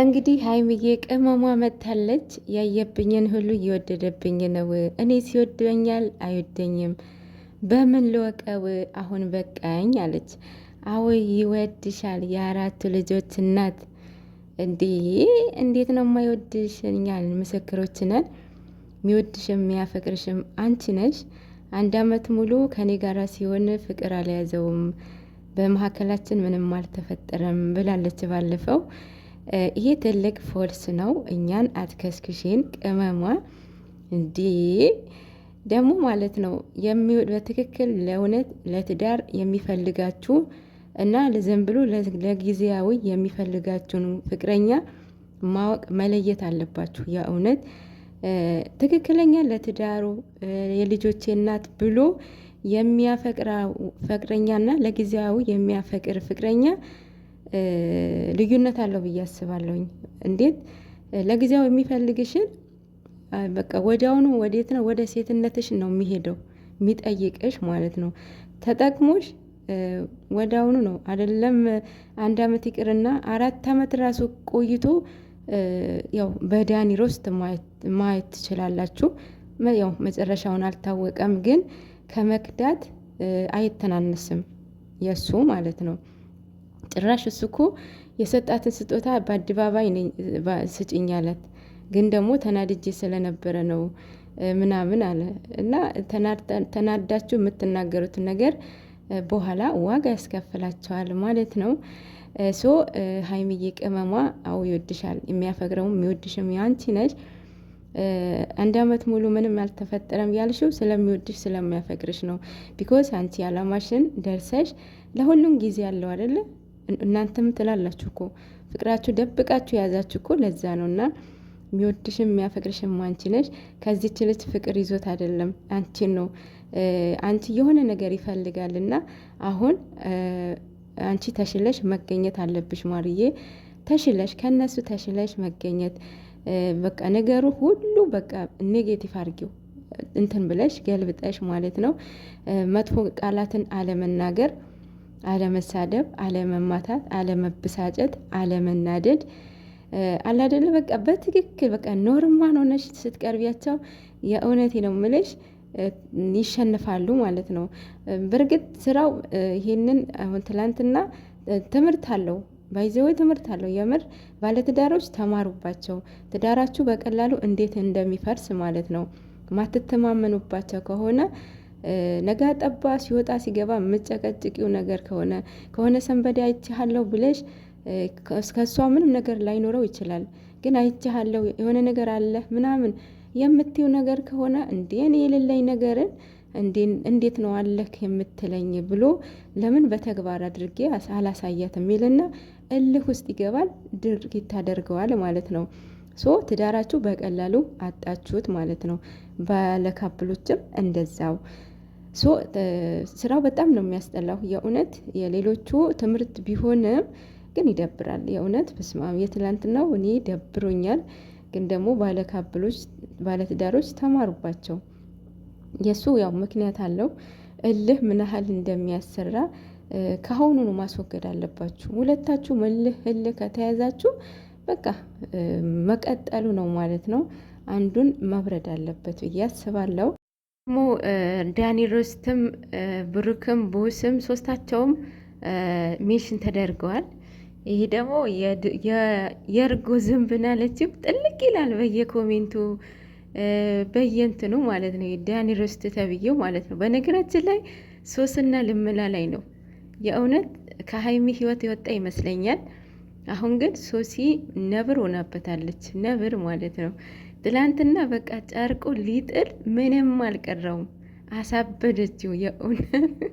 እንግዲህ ሀይሚዬ ቅመሟ መታለች። ያየብኝን ሁሉ እየወደደብኝ ነው። እኔ ሲወደኛል አይወደኝም፣ በምን ልወቀው? አሁን በቃኝ አለች። አዎ ይወድሻል፣ የአራቱ ልጆች እናት። እንዲህ እንዴት ነው የማይወድሽ? እኛን ምስክሮች ነን። የሚወድሽም የሚያፈቅርሽም አንቺ ነሽ። አንድ አመት ሙሉ ከኔ ጋር ሲሆን ፍቅር አልያዘውም፣ በመሀከላችን ምንም አልተፈጠረም ብላለች ባለፈው ይሄ ትልቅ ፎልስ ነው። እኛን አትከስክሽን ቅመሟ እንዲ ደግሞ ማለት ነው በትክክል ለእውነት ለትዳር የሚፈልጋችሁ እና ዝም ብሎ ለጊዜያዊ የሚፈልጋችሁን ፍቅረኛ ማወቅ መለየት አለባችሁ። የእውነት ትክክለኛ ለትዳሩ የልጆቼ እናት ብሎ የሚያፈቅራ ፍቅረኛና ለጊዜያዊ የሚያፈቅር ፍቅረኛ ልዩነት አለው ብዬ አስባለሁኝ። እንዴት ለጊዜው የሚፈልግሽን በቃ ወዲያውኑ ወዴት ነው ወደ ሴትነትሽ ነው የሚሄደው የሚጠይቅሽ ማለት ነው። ተጠቅሞሽ ወዲያውኑ ነው አይደለም። አንድ አመት ይቅርና አራት አመት ራሱ ቆይቶ ያው በዳኒ ሮስት ማየት ትችላላችሁ። ያው መጨረሻውን አልታወቀም፣ ግን ከመክዳት አይተናነስም የእሱ ማለት ነው። ጭራሽ እሱ እኮ የሰጣትን ስጦታ በአደባባይ ስጭኝ አላት። ግን ደግሞ ተናድጄ ስለነበረ ነው ምናምን አለ እና ተናዳችሁ የምትናገሩትን ነገር በኋላ ዋጋ ያስከፍላቸዋል ማለት ነው። ሶ ሀይሚዬ ቅመሟ አው ይወድሻል። የሚያፈቅረውም የሚወድሽም አንቺ ነች። አንድ አመት ሙሉ ምንም አልተፈጠረም ያልሽው ስለሚወድሽ ስለሚያፈቅርሽ ነው። ቢኮዝ አንቺ አላማሽን ደርሰሽ ለሁሉም ጊዜ አለው አደለም እናንተም ትላላችሁ እኮ ፍቅራችሁ ደብቃችሁ የያዛችሁ እኮ ለዛ ነው እና የሚወድሽም የሚያፈቅርሽም አንቺ ነሽ። ከዚች ልጅ ፍቅር ይዞት አይደለም አንቺን ነው። አንቺ የሆነ ነገር ይፈልጋል እና አሁን አንቺ ተሽለሽ መገኘት አለብሽ ማርዬ፣ ተሽለሽ ከነሱ ተሽለሽ መገኘት በቃ ነገሩ ሁሉ በቃ ኔጌቲቭ አድርጊው እንትን ብለሽ ገልብጠሽ ማለት ነው መጥፎ ቃላትን አለመናገር አለመሳደብ፣ አለመማታት፣ አለመበሳጨት፣ አለመናደድ አላደለ በቃ በትክክል በቃ ኖርማል ሆነሽ ስትቀርቢያቸው የእውነቴ ነው ምልሽ ይሸንፋሉ ማለት ነው። በእርግጥ ስራው ይሄንን አሁን ትላንትና ትምህርት አለው ባይዘወ ትምህርት አለው። የምር ባለትዳሮች ተማሩባቸው። ትዳራችሁ በቀላሉ እንዴት እንደሚፈርስ ማለት ነው። ማትተማመኑባቸው ከሆነ ነጋ ጠባ ሲወጣ ሲገባ የምጨቀጭቂው ነገር ከሆነ ከሆነ ሰንበዴ አይችሃለሁ ብለሽ ከእሷ ምንም ነገር ላይኖረው ይችላል። ግን አይችሃለሁ የሆነ ነገር አለ ምናምን የምትይው ነገር ከሆነ እንዴ እኔ የሌለኝ ነገርን እንዴት ነው አለህ የምትለኝ ብሎ ለምን በተግባር አድርጌ አላሳያት የሚልና እልህ ውስጥ ይገባል፣ ድርጊት ታደርገዋል ማለት ነው። ሶ ትዳራችሁ በቀላሉ አጣችሁት ማለት ነው። ባለካፕሎችም እንደዛው ስራው በጣም ነው የሚያስጠላው። የእውነት የሌሎቹ ትምህርት ቢሆንም ግን ይደብራል። የእውነት በስማም የትላንትናው እኔ ደብሮኛል። ግን ደግሞ ባለካብሎች ባለትዳሮች ተማሩባቸው። የእሱ ያው ምክንያት አለው። እልህ ምን ያህል እንደሚያሰራ ከአሁኑ ነ ማስወገድ አለባችሁ። ሁለታችሁ እልህ እልህ ከተያዛችሁ በቃ መቀጠሉ ነው ማለት ነው። አንዱን መብረድ አለበት ብዬ አስባለሁ። ደግሞ ዳኒ ሮስትም ብሩክም ቡስም ሶስታቸውም ሜሽን ተደርገዋል። ይሄ ደግሞ የእርጎ ዝንብና ለችብ ጥልቅ ይላል። በየኮሜንቱ በየንትኑ ማለት ነው። ዳኒ ሮስት ተብዬው ማለት ነው። በነገራችን ላይ ሶስና ልምላ ላይ ነው የእውነት ከሀይሚ ህይወት የወጣ ይመስለኛል። አሁን ግን ሶሲ ነብር ሆናበታለች። ነብር ማለት ነው። ትላንትና በቃ ጨርቁ ሊጥል ምንም አልቀረውም። አሳበደችው የእውነት